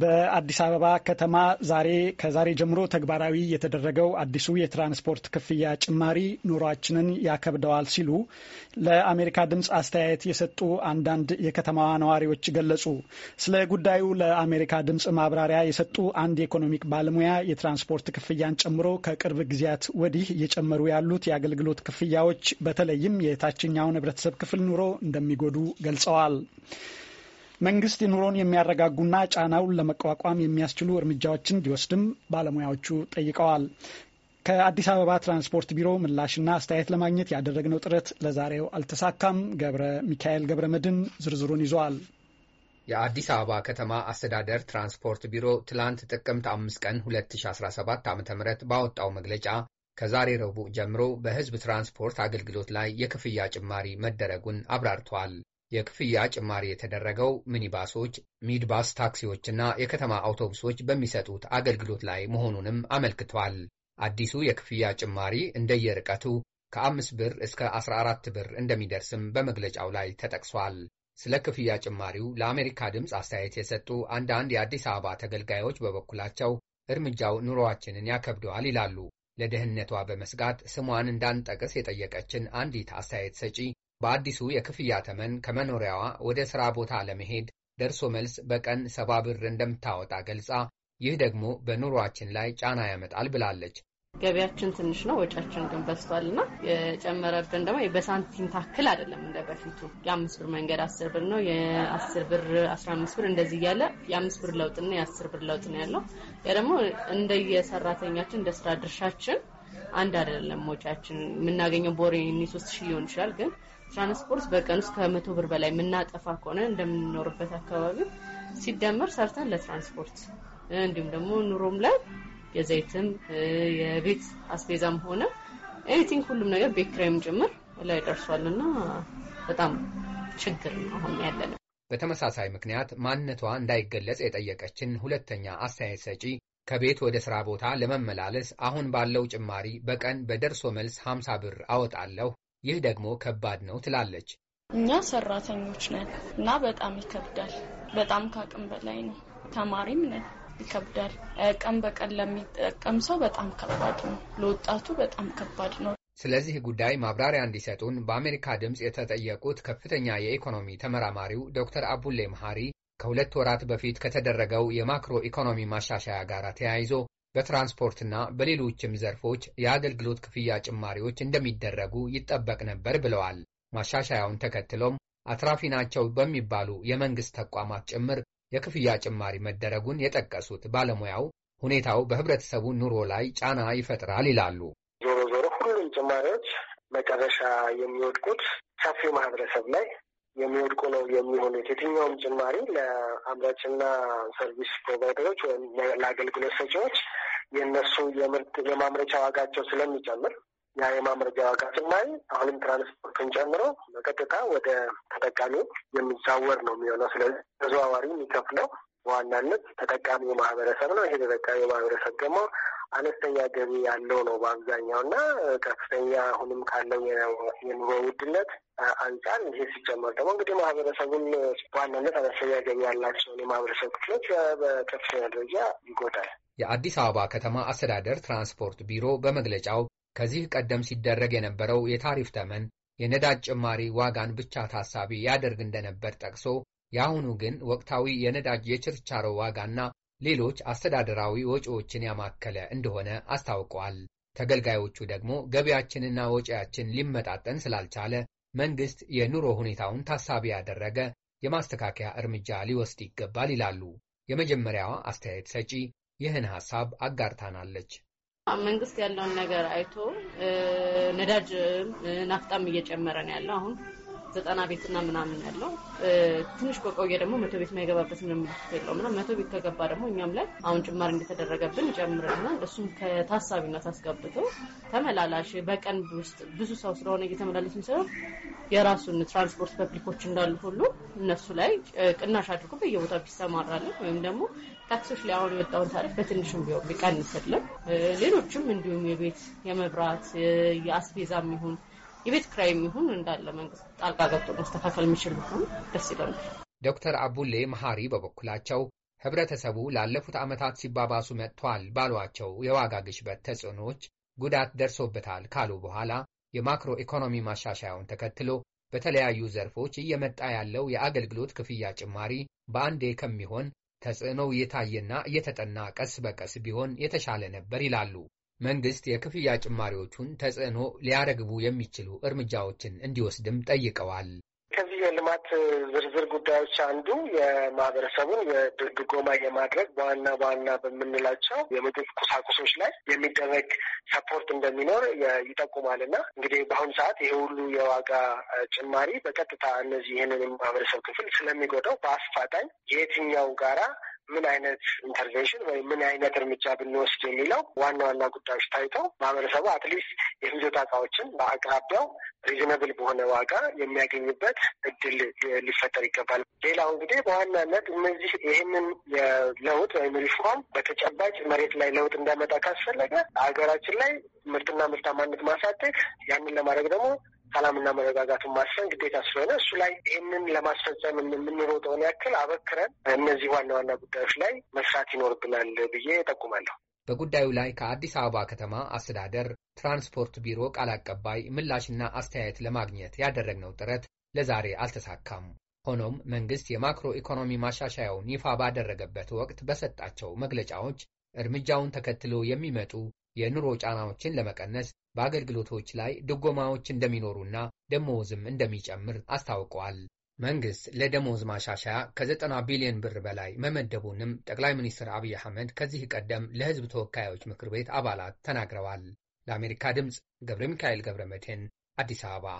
በአዲስ አበባ ከተማ ዛሬ ከዛሬ ጀምሮ ተግባራዊ የተደረገው አዲሱ የትራንስፖርት ክፍያ ጭማሪ ኑሯችንን ያከብደዋል ሲሉ ለአሜሪካ ድምፅ አስተያየት የሰጡ አንዳንድ የከተማዋ ነዋሪዎች ገለጹ። ስለ ጉዳዩ ለአሜሪካ ድምፅ ማብራሪያ የሰጡ አንድ የኢኮኖሚክ ባለሙያ የትራንስፖርት ክፍያን ጨምሮ ከቅርብ ጊዜያት ወዲህ እየጨመሩ ያሉት የአገልግሎት ክፍያዎች በተለይም የታችኛውን ሕብረተሰብ ክፍል ኑሮ እንደሚጎዱ ገልጸዋል። መንግስት ኑሮን የሚያረጋጉና ጫናውን ለመቋቋም የሚያስችሉ እርምጃዎችን እንዲወስድም ባለሙያዎቹ ጠይቀዋል። ከአዲስ አበባ ትራንስፖርት ቢሮ ምላሽና አስተያየት ለማግኘት ያደረግነው ጥረት ለዛሬው አልተሳካም። ገብረ ሚካኤል ገብረ መድን ዝርዝሩን ይዘዋል። የአዲስ አበባ ከተማ አስተዳደር ትራንስፖርት ቢሮ ትላንት ጥቅምት አምስት ቀን 2017 ዓ ም ባወጣው መግለጫ ከዛሬ ረቡዕ ጀምሮ በህዝብ ትራንስፖርት አገልግሎት ላይ የክፍያ ጭማሪ መደረጉን አብራርቷል። የክፍያ ጭማሪ የተደረገው ሚኒባሶች፣ ሚድባስ ታክሲዎችና የከተማ አውቶቡሶች በሚሰጡት አገልግሎት ላይ መሆኑንም አመልክቷል። አዲሱ የክፍያ ጭማሪ እንደየርቀቱ ከአምስት ብር እስከ 14 ብር እንደሚደርስም በመግለጫው ላይ ተጠቅሷል። ስለ ክፍያ ጭማሪው ለአሜሪካ ድምፅ አስተያየት የሰጡ አንዳንድ የአዲስ አበባ ተገልጋዮች በበኩላቸው እርምጃው ኑሮዋችንን ያከብደዋል ይላሉ። ለደህንነቷ በመስጋት ስሟን እንዳንጠቅስ የጠየቀችን አንዲት አስተያየት ሰጪ በአዲሱ የክፍያ ተመን ከመኖሪያዋ ወደ ሥራ ቦታ ለመሄድ ደርሶ መልስ በቀን ሰባ ብር እንደምታወጣ ገልጻ ይህ ደግሞ በኑሯችን ላይ ጫና ያመጣል ብላለች። ገቢያችን ትንሽ ነው፣ ወጫችን ግን በዝቷል እና የጨመረብን ደግሞ በሳንቲም ታክል አይደለም እንደ በፊቱ የአምስት ብር መንገድ አስር ብር ነው። የአስር ብር አስራ አምስት ብር እንደዚህ እያለ የአምስት ብር ለውጥና የአስር ብር ለውጥ ነው ያለው። ያ ደግሞ እንደየሰራተኛችን እንደ ስራ ድርሻችን አንድ አይደለም። ወጫችን የምናገኘው ቦሬ ሶስት ሺህ ሊሆን ይችላል ግን ትራንስፖርት በቀን ውስጥ ከመቶ ብር በላይ የምናጠፋ ከሆነ እንደምንኖርበት አካባቢ ሲደመር ሰርተን ለትራንስፖርት እንዲሁም ደግሞ ኑሮም ላይ የዘይትም የቤት አስቤዛም ሆነ ኤኒቲንግ ሁሉም ነገር ቤት ክራይም ጭምር ላይ ደርሷል እና በጣም ችግር ነው አሁን ነው። በተመሳሳይ ምክንያት ማንነቷ እንዳይገለጽ የጠየቀችን ሁለተኛ አስተያየት ሰጪ ከቤት ወደ ስራ ቦታ ለመመላለስ አሁን ባለው ጭማሪ በቀን በደርሶ መልስ 50 ብር አወጣለሁ ይህ ደግሞ ከባድ ነው ትላለች። እኛ ሰራተኞች ነን እና በጣም ይከብዳል። በጣም ከአቅም በላይ ነው። ተማሪም ነን፣ ይከብዳል። ቀን በቀን ለሚጠቀም ሰው በጣም ከባድ ነው። ለወጣቱ በጣም ከባድ ነው። ስለዚህ ጉዳይ ማብራሪያ እንዲሰጡን በአሜሪካ ድምፅ የተጠየቁት ከፍተኛ የኢኮኖሚ ተመራማሪው ዶክተር አቡሌ መሐሪ ከሁለት ወራት በፊት ከተደረገው የማክሮ ኢኮኖሚ ማሻሻያ ጋር ተያይዞ በትራንስፖርትና በሌሎችም ዘርፎች የአገልግሎት ክፍያ ጭማሪዎች እንደሚደረጉ ይጠበቅ ነበር ብለዋል። ማሻሻያውን ተከትሎም አትራፊ ናቸው በሚባሉ የመንግሥት ተቋማት ጭምር የክፍያ ጭማሪ መደረጉን የጠቀሱት ባለሙያው ሁኔታው በህብረተሰቡ ኑሮ ላይ ጫና ይፈጥራል ይላሉ። ዞሮ ዞሮ ሁሉም ጭማሪዎች መጨረሻ የሚወድቁት ሰፊው ማህበረሰብ ላይ የሚወድቁ ነው የሚሆኑት። የትኛውም ጭማሪ ለአምራችና ሰርቪስ ፕሮቫይደሮች ወይም ለአገልግሎት ሰጪዎች የእነሱ የምርት የማምረቻ ዋጋቸው ስለሚጨምር ያ የማምረጃ ዋጋ ጭማሪ አሁንም ትራንስፖርትን ጨምሮ በቀጥታ ወደ ተጠቃሚ የሚዛወር ነው የሚሆነው። ስለዚህ ተዘዋዋሪ የሚከፍለው በዋናነት ተጠቃሚው ማህበረሰብ ነው። ይሄ ተጠቃሚ ማህበረሰብ ደግሞ አነስተኛ ገቢ ያለው ነው በአብዛኛው እና ከፍተኛ አሁንም ካለው የኑሮ ውድነት አንጻር ይሄ ሲጨመር ደግሞ እንግዲህ ማህበረሰቡን በዋናነት አነስተኛ ገቢ ያላቸውን የማህበረሰብ ክፍሎች በከፍተኛ ደረጃ ይጎዳል። የአዲስ አበባ ከተማ አስተዳደር ትራንስፖርት ቢሮ በመግለጫው ከዚህ ቀደም ሲደረግ የነበረው የታሪፍ ተመን የነዳጅ ጭማሪ ዋጋን ብቻ ታሳቢ ያደርግ እንደነበር ጠቅሶ የአሁኑ ግን ወቅታዊ የነዳጅ የችርቻሮ ዋጋና ሌሎች አስተዳደራዊ ወጪዎችን ያማከለ እንደሆነ አስታውቀዋል። ተገልጋዮቹ ደግሞ ገቢያችንና ወጪያችን ሊመጣጠን ስላልቻለ መንግሥት የኑሮ ሁኔታውን ታሳቢ ያደረገ የማስተካከያ እርምጃ ሊወስድ ይገባል ይላሉ። የመጀመሪያዋ አስተያየት ሰጪ ይህን ሐሳብ አጋርታናለች። መንግስት ያለውን ነገር አይቶ ነዳጅ ናፍጣም እየጨመረ ነው ያለው አሁን ዘጠና ቤትና ምናምን ያለው ትንሽ ቆቆየ ደግሞ መቶ ቤት የማይገባበት ምንም ምልክት የለውም እና መቶ ቤት ከገባ ደግሞ እኛም ላይ አሁን ጭማሪ እንደተደረገብን ይጨምርና እሱም ከታሳቢነት አስገብቶ ተመላላሽ በቀን ውስጥ ብዙ ሰው ስለሆነ እየተመላለስን የሚሰራው የራሱን ትራንስፖርት ፐብሊኮች እንዳሉ ሁሉ እነሱ ላይ ቅናሽ አድርጎ በየቦታ ቢሰማራለን ወይም ደግሞ ታክሶች ላይ አሁን የወጣውን ታሪፍ በትንሽም ቢሆን ቢቀንስልን ሌሎችም እንዲሁም የቤት የመብራት የአስቤዛም ይሁን የቤት ኪራይ የሚሆን እንዳለ መንግስት ጣልቃ ገብቶ መስተካከል የሚችል ቢሆን ደስ ይለናል። ዶክተር አቡሌ መሐሪ በበኩላቸው ህብረተሰቡ ላለፉት ዓመታት ሲባባሱ መጥቷል ባሏቸው የዋጋ ግሽበት ተጽዕኖዎች ጉዳት ደርሶበታል ካሉ በኋላ የማክሮ ኢኮኖሚ ማሻሻያውን ተከትሎ በተለያዩ ዘርፎች እየመጣ ያለው የአገልግሎት ክፍያ ጭማሪ በአንዴ ከሚሆን ተጽዕኖው እየታየና እየተጠና ቀስ በቀስ ቢሆን የተሻለ ነበር ይላሉ። መንግስት የክፍያ ጭማሪዎቹን ተጽዕኖ ሊያረግቡ የሚችሉ እርምጃዎችን እንዲወስድም ጠይቀዋል። ከዚህ የልማት ዝርዝር ጉዳዮች አንዱ የማህበረሰቡን የድጎማ የማድረግ በዋና በዋና በምንላቸው የምግብ ቁሳቁሶች ላይ የሚደረግ ሰፖርት እንደሚኖር ይጠቁማል እና እንግዲህ በአሁኑ ሰዓት ይሄ ሁሉ የዋጋ ጭማሪ በቀጥታ እነዚህ ይህንን የማህበረሰብ ክፍል ስለሚጎዳው በአስፋጣኝ የትኛው ጋራ ምን አይነት ኢንተርቬንሽን ወይም ምን አይነት እርምጃ ብንወስድ የሚለው ዋና ዋና ጉዳዮች ታይተው ማህበረሰቡ አትሊስት የፍጆታ እቃዎችን በአቅራቢያው ሪዝነብል በሆነ ዋጋ የሚያገኝበት እድል ሊፈጠር ይገባል። ሌላው እንግዲህ በዋናነት እነዚህ ይህንን የለውጥ ወይም ሪፎርም በተጨባጭ መሬት ላይ ለውጥ እንዳመጣ ካስፈለገ ሀገራችን ላይ ምርትና ምርታማነት ማሳደግ ያንን ለማድረግ ደግሞ ሰላምና መረጋጋቱን ማስፈን ግዴታ ስለሆነ እሱ ላይ ይህንን ለማስፈጸም የምንሮጠውን ያክል አበክረን እነዚህ ዋና ዋና ጉዳዮች ላይ መስራት ይኖርብናል ብዬ ጠቁማለሁ። በጉዳዩ ላይ ከአዲስ አበባ ከተማ አስተዳደር ትራንስፖርት ቢሮ ቃል አቀባይ ምላሽና አስተያየት ለማግኘት ያደረግነው ጥረት ለዛሬ አልተሳካም። ሆኖም መንግስት የማክሮ ኢኮኖሚ ማሻሻያውን ይፋ ባደረገበት ወቅት በሰጣቸው መግለጫዎች እርምጃውን ተከትሎ የሚመጡ የኑሮ ጫናዎችን ለመቀነስ በአገልግሎቶች ላይ ድጎማዎች እንደሚኖሩና ደሞዝም እንደሚጨምር አስታውቀዋል። መንግስት ለደሞዝ ማሻሻያ ከ90 ቢሊዮን ብር በላይ መመደቡንም ጠቅላይ ሚኒስትር አብይ አህመድ ከዚህ ቀደም ለህዝብ ተወካዮች ምክር ቤት አባላት ተናግረዋል። ለአሜሪካ ድምፅ ገብረ ሚካኤል ገብረ መድህን አዲስ አበባ